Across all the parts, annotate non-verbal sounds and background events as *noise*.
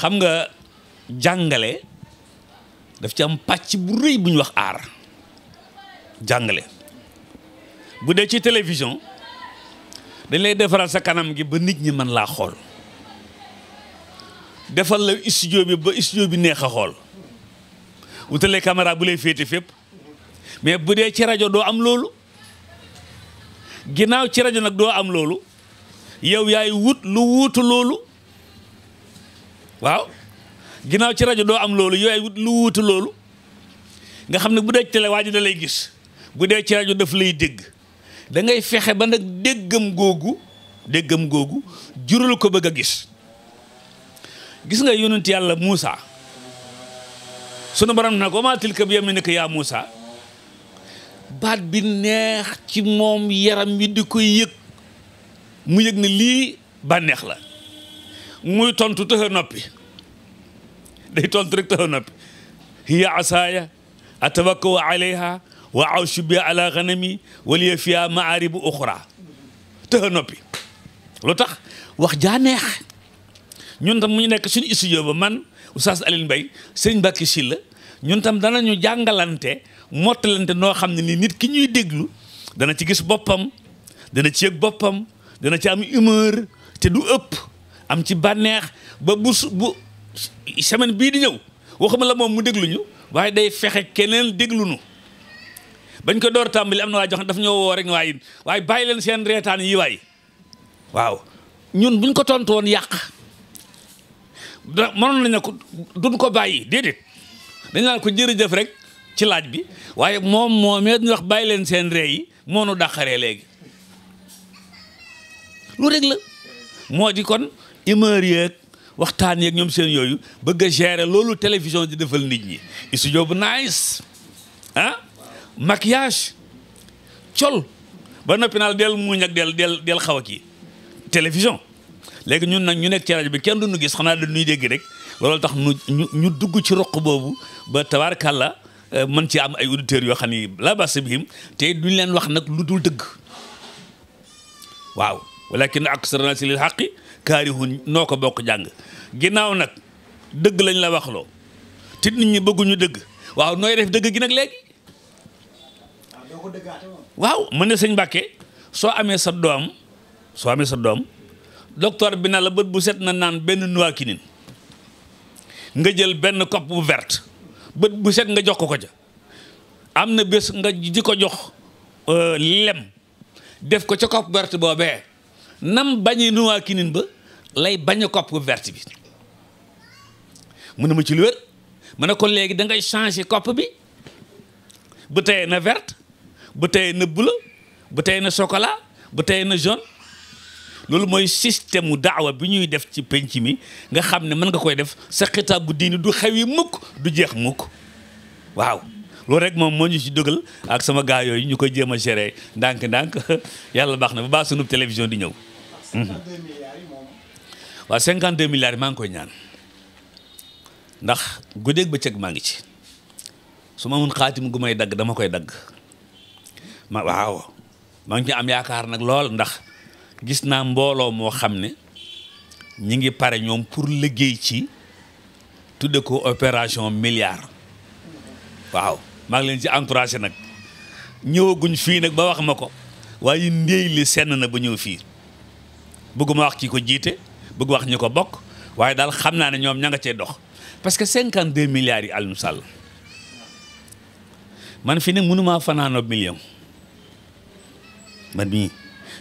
xam nga jàngale daf ci am pàcc bu rëy bu ñu wax aar jàngale bu dee ci télévision dañ lay defaral sa kanam gi ba nit ñi mën laa xool defal la studio bi ba studio bi neex a xool wutale caméra bu lay féete fépp mais bu dee ci rajo doo am loolu ginnaaw ci rajo nag doo am loolu yow yaay wut lu wuutu loolu waaw ginnaaw ci rajo doo am loolu yooyu lu wuutu loolu nga xam ne bu dee ci télé waa ji da lay gis bu dee ci rajo daf lay dégg dangay fexe ba nag déggam googu déggam googu jurul ko bëgg a gis gis nga yonent yàlla Moussa sunu borom na wa maa tilka bi yaminika yaa Moussa baat bi neex ci moom yaram wi di koy yëg mu yëg ne lii bànneex la muy tontu tëxa noppi day tontu rek tëxa noppi hiya asaaya atawakkau alayha wa awshu biha ala ganami wa liya fiha maaribu uxra tëxa noppi lu tax wax jaa neex ñun tam mu nekk suñu studio ba man Oustaz Alioune Mbaye sëñ Mbacke Sylla ñun tam danañu jàngalante mottalante noo xam ne ni nit ki ñuy déglu dana ci gis boppam dana ci yëg boppam dana ci am humeur te du ëpp am ci bànneex ba bu su semaine bii di ñëw waxuma la moom mu déglu ñu waaye day fexe keneen déglu nu bañ ko door tàmbali am na waa jox daf ñoo woo rek waaye waaye bàyyi leen seen reetaan yi waay waaw ñun buñ ko tontu woon yàq da mënoon nañ ne ko duñ ko bàyyi déedéet dañ naan ko jërëjëf rek ci laaj bi waaye moom moomee ndax wax bàyyi leen seen ree yi moo nu dàqaree léegi lu rek moo di kon humeur yeeg waxtaan yeeg ñoom seen yooyu bëgg a loolu télévision di defal nit ñi studio bu nice ah maquillage col ba noppi naal del muñ ak del del del xaw a télévision léegi ñun nag ñu nekk ci rajo bi kenn duñu gis xanaa nuy dégg rek loolu tax ñu ñu dugg ci roq boobu ba tabaarkàlla euh, mën ci am ay auditeurs yoo xam ni la basa bihim te duñ leen wax nag lu dul dëgg waaw walakin aksara naasi lil xaqi kaarihun noo ko bokk jàng ginnaaw nag dëgg lañ la waxloo te nit ñi bëgguñu dëgg waaw nooy def dëgg gi nag léegi waaw mu ne sëñ Mbàkke soo amee sa doom soo amee sa doom docteur bi na la bët bu set na naan benn nuwaakinin nga jël benn kopp bu verte bët bu set nga jox ko ko ca am na bés nga di ko jox euh, lem def ko ca kopp verte boobee nam bañee nuwaa kinin ba lay bañ a kopp verte bi mu ne ma ci lu wér ma ne ko léegi da ngay changer kopp bi bu tey na vert bu tey na bleu bu tey na chocolat bu tey na jaune loolu mooy système mu daawa bi ñuy def ci penc mi nga xam ne mën nga koy def sa xitaab diini du xewwi mukk du jeex mukk waaw loolu rek moom moo ñu ci dëggal ak sama gars yooyu ñu koy jéem a gérer ndànk-ndànk *laughs* yàlla baax na bu baax sunu télévision di ñëw. Mm-hmm. waaw 52 milliards maa ngi koy ñaan ndax ba bëccëg maa ngi ci su ma amoon xaatim gu may dagg dama koy dagg ma waaw maa ngi ci am yaakaar nag lool ndax gis naa mbooloo moo xam ne ñi ngi pare ñoom pour liggéey ci tudde ko opération milliard waaw maa ngi leen ci encouragé nag ñëwaguñ fii nag ba wax ma ko waaye ndéy li senn na ba ñëw fii bëgguma wax ki ko jiite bëgg wax ñu ko bokk waaye daal xam naa ne ñoom ña nga cee dox parce que 52 milliards yi Alioune man fi ne mënumaa fanaanoo million man mii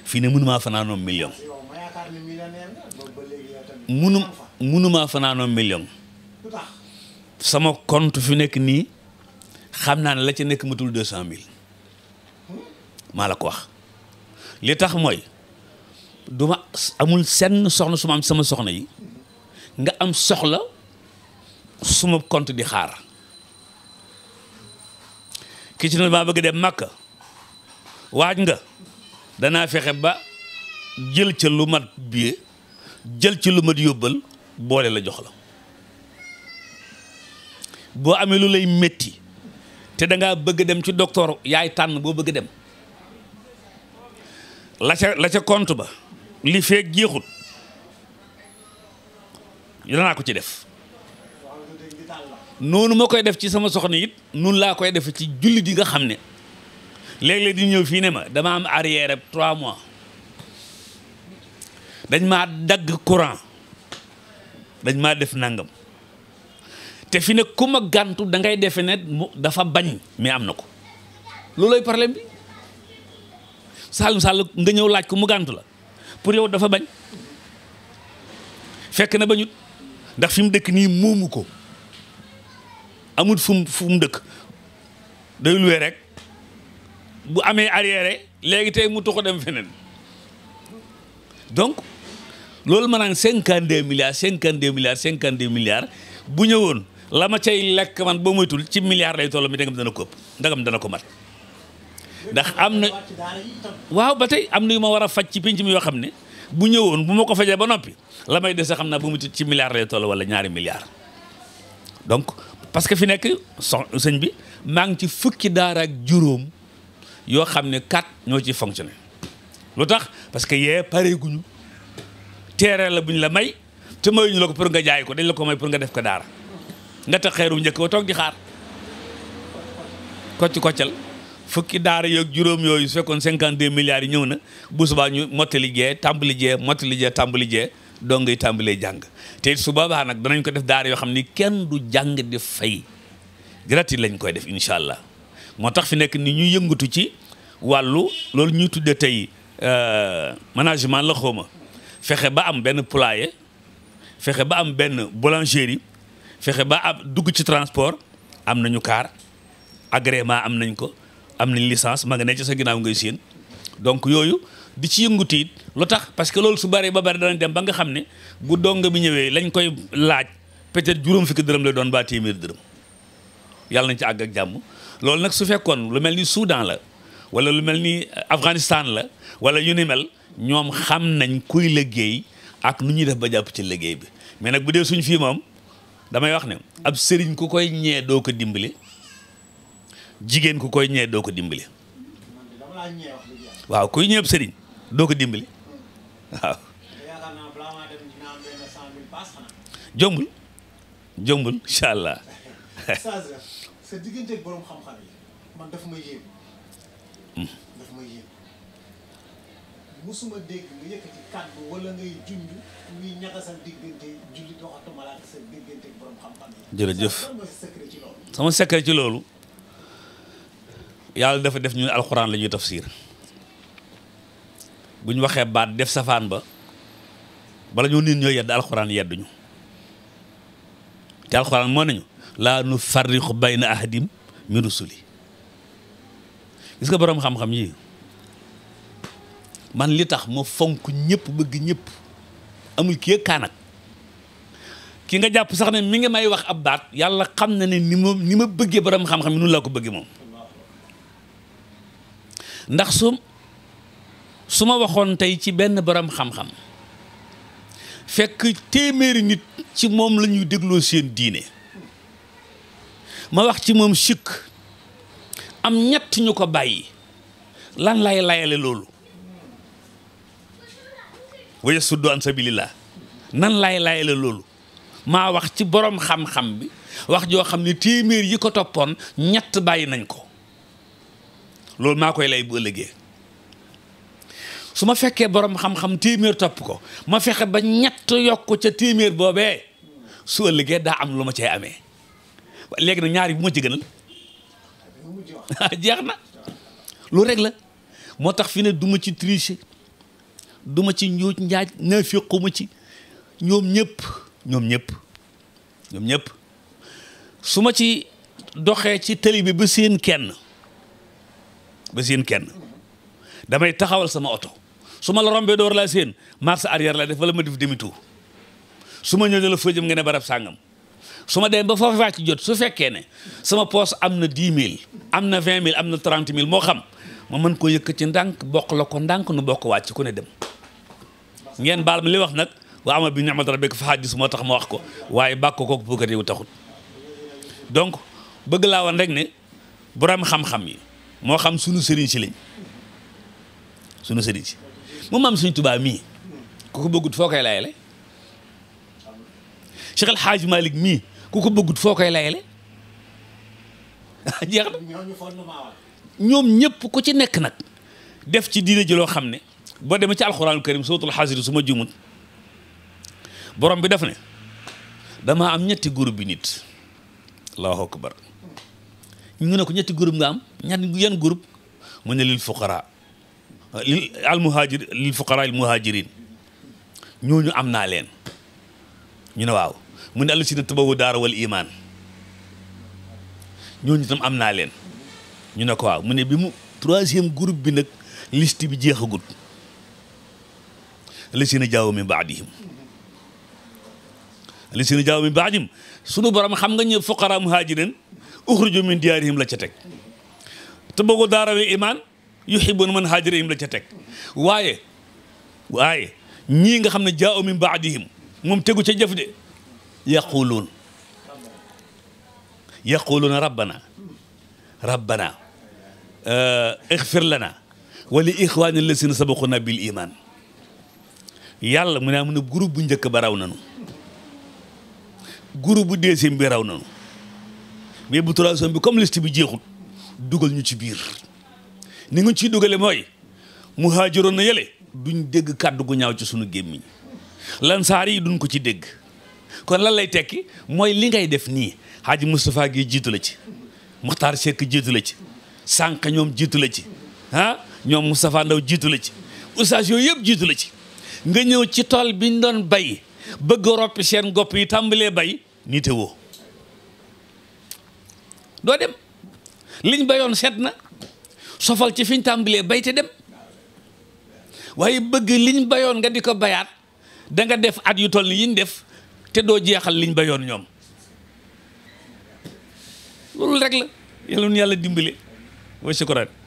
fii ne mënumaa fanaanoo million munu mënumaa fanaanoo million sama compte fi nekk nii xam naa ne la ci nekk matul deux cent mille maa la ko wax li tax mooy du ma amul senn soxna su ma am sama soxna yi nga am soxla suma compte di xaar ki ci ne maa bëgg dem màkk waaj nga danaa fexe ba jël ci lu mat jël ci lu mat yóbbal boole la jox la boo amee lu lay metti te da ngaa bëgg dem ci docteur yaay tànn boo bëgg dem la ca la ca compte ba li feeg jeexul danaa ko ci def noonu ma koy def ci sama soxna it noonu laa koy def ci julli di nga xam ne léeg-léeg di ñëw fii ne ma dama am arrière trois mois dañ maa dagg courant dañ maa def nangam te fi ne ku ma gàntu da ngay defe ne mu dafa bañ mais am na ko loolooy problème bi Saalum Sall nga ñëw laaj ko mu gàntu la pour yow dafa bañ fekk na bañut ndax fi mu dëkk nii muumu ko amut fu mu fu mu dëkk day luwee rek bu amee arrière léegi tey mu tuxu dem feneen donc loolu maanaam cinquante deux milliards cinquante deux milliards cinquante deux milliards bu ñëwoon la ma cay lekk man boo moytul ci milliard lay toll mi dangam dana ko ëpp ndagam dana ko mat ndax am na waaw ba tey am na yu ma war a faj ci penc mi yoo xam ne bu ñëwoon bu ma ko fajee ba noppi la may dese xam naa bu mu ci milliard lay toll wala ñaari milliard donc parce que fi nekk son sëñ bi maa ngi ci fukki daara ak juróom yoo xam ne kat ñoo ci fonctionné lu tax parce que yee pareeguñu teere la buñ la may te mayuñu la ko pour nga jaay ko dañ la ko may pour nga def ko daara nga tax xeeru njëkk ba toog di xaar kocc koccal fukki daara yeeg juróom yooyu su fekkoon cinquante deux milliards yi ñëw na bu subaa ñu mottali jee tàmbali jee mottali jee tàmbali jee doo ngay tàmbalee jàng te su nag danañ ko def daar yoo xam ni kenn du jàng di fay gratuit lañ koy def incha allah moo tax fi nekk ni ñu yëngatu ci wàllu loolu ñu tuddee tey euh, management la xawma fexe ba am benn poulailler fexe ba am benn yi fexe ba ab dugg ci transport am na ñu kaar agrément am nañ ko am nañ licence ma nga ne ci sa ginnaaw ngay séen donc yooyu di ci yënguti it lu tax parce que loolu su bari ba bari danañ dem ba nga xam ne bu dong bi ñëwee lañ koy laaj peut-être juróom fukki dërëm lay doon ba téeméer dërëm yàlla nañ ci àgg ak jàmm loolu nag su fekkoon lu mel ni Soudan la wala lu mel ni euh, Afghanistan la wala yu ni mel ñoom xam nañ kuy liggéey ak nu ñuy def ba jàpp ci liggéey bi mais damay wax ne ab sëriñ ku koy ñee doo ko dimbali jigéen ku koy ñee doo ko dimbali waaw kuy ñëw ab sëriñ doo ko dimbali waaw jombul jombul incha allah. sa musuma dégg nga sama secret ci loolu. yàlla dafa def ñu ne alxuraan la ñuy tafsir bu ñu waxee baat def safaan ba bala ñu nit ñooy yedd alxuraan yedduñu te alxuraan moo nañu laa nu farriqu bayna ahadim min rusuli gis nga borom xam-xam yi. man li tax ma fonk ñëpp bëgg ñépp amul ki yëg kaanak ki nga jàpp sax ne mi ngi may wax ab baat yàlla xam na ne ni ma ma bëggee borom xam-xam nu laa ko bëggee moom ndax su su ma waxoon tey ci benn borom xam-xam fekk téeméeri nit ci moom lañuy dégloo seen diine ma wax ci moom sikk am ñett ñu ko bàyyi lan lay layale loolu wa yasuddu an sabilillah nan laay laay la loolu maa wax ci boroom xam-xam bi wax joo xam ne téeméer yi ko toppoon ñett bàyyi nañ ko loolu maa koy lay bu ëllëgee su ma fekkee boroom xam-xam téeméer topp ko ma fexe ba ñett yokk ca téeméer boobee su ëllëgee daa am lu ma cee amee léegi nag ñaari bu ma ci gënal *laughs* jeex na lu rek la moo tax fi ne duma ci tricher duma ci njuuj njaaj nafiquma ci ñoom ñëpp ñoom ñëpp ñoom ñëpp su ma ci doxee ci tëli bi ba seen kenn ba seen kenn damay taxawal sama oto su ma la rombee door laa seen marche arrière la def wala ma dif demi su ma ñëw ne la foo jëm nga ne barab sàngam su ma dem ba foofu wàcc jot su fekkee ne sama poos am na dix mil am na vingt mille am na trente mille moo xam ma mën koo yëkk ci ndànk bokk la ko ndànk nu bokk wàcc ku ne dem ngeen baal ma li wax nag wa ama bi ni'mat rabbika fa haddis moo tax ma wax ko waaye bàkk ko puukat yi taxut donc bëgg laa woon rek ne borom xam-xam yi moo xam sunu sëriñ si lañ sunu sëriñ si mu maam Sëriñ Tuubaa mii ku ko bëggut foo koy layale Cheikh El Hadj Malick mii ku ko bëggut foo koy layale *laughs* jeex na ñoom ñëpp ku ci nekk nag def ci diine ji loo xam ne boo demee ci alxuraanu karim suratul xasiri su ma jumun borom bi def ne dama am ñetti groupe bi nit allahu akbar ñu ne ko ñetti groupe nga am ñan yan mu ne lil fuqara lil al muhajir lil fuqara al muhajirin ñooñu am naa leen ñu ne waaw mu ne allasina tabawu daara wal iman ñooñu tam am naa leen ñu ne ko waaw mu ne bi mu troisième groupe bi nag liste bi jeexagut allasina jaawu min baadihim allasina jaawu min baadihim sunu borom xam nga ñu fuqara muhajirin uxruju min diyaarihim la ca teg te bëggu daarawi imaan yuhibbun man haajirihim la ca teg waaye waaye ñii nga xam ne jaawu min baadihim moom tegu ca jëf de yaquluun yaquluuna rabbana rabbana eh, ixfir lana wa li ixwaani allasina sabaquna bil iman yàlla mu ne am na groupe bu njëkk ba raw nanu groupe bu deuxième bi raw nanu mais bu troisième bi comme liste bi jeexut dugal ñu ci biir ni nga ciy dugale mooy muhaajiroon na yële duñ dégg kàddu gu ñaaw ci suñu gémmiñ lansaar yi duñ ko ci dégg kon lan lay tekki mooy li ngay def nii Hadji Moustapha Guèye jiitu la ci maxtar Seck jiitu la ci sànq ñoom jiitu la ci ah ñoom Moustapha Ndaw jiitu la ci oustaz yooyu yëpp jiitu la ci nga ñëw ci tool biñ doon bay bëgg roppi seen gopp yi tàmbalee bay nite woo doo dem liñ bayoon seet na sofal ci fiñ tàmbalee bay te dem waaye bëgg liñ bayoon nga di ko bayaat danga def at yu toll ni yiñ def te doo jeexal liñ bayoon ñoom loolu rek la yàlla nu yàlla dimbale wa sukkuraan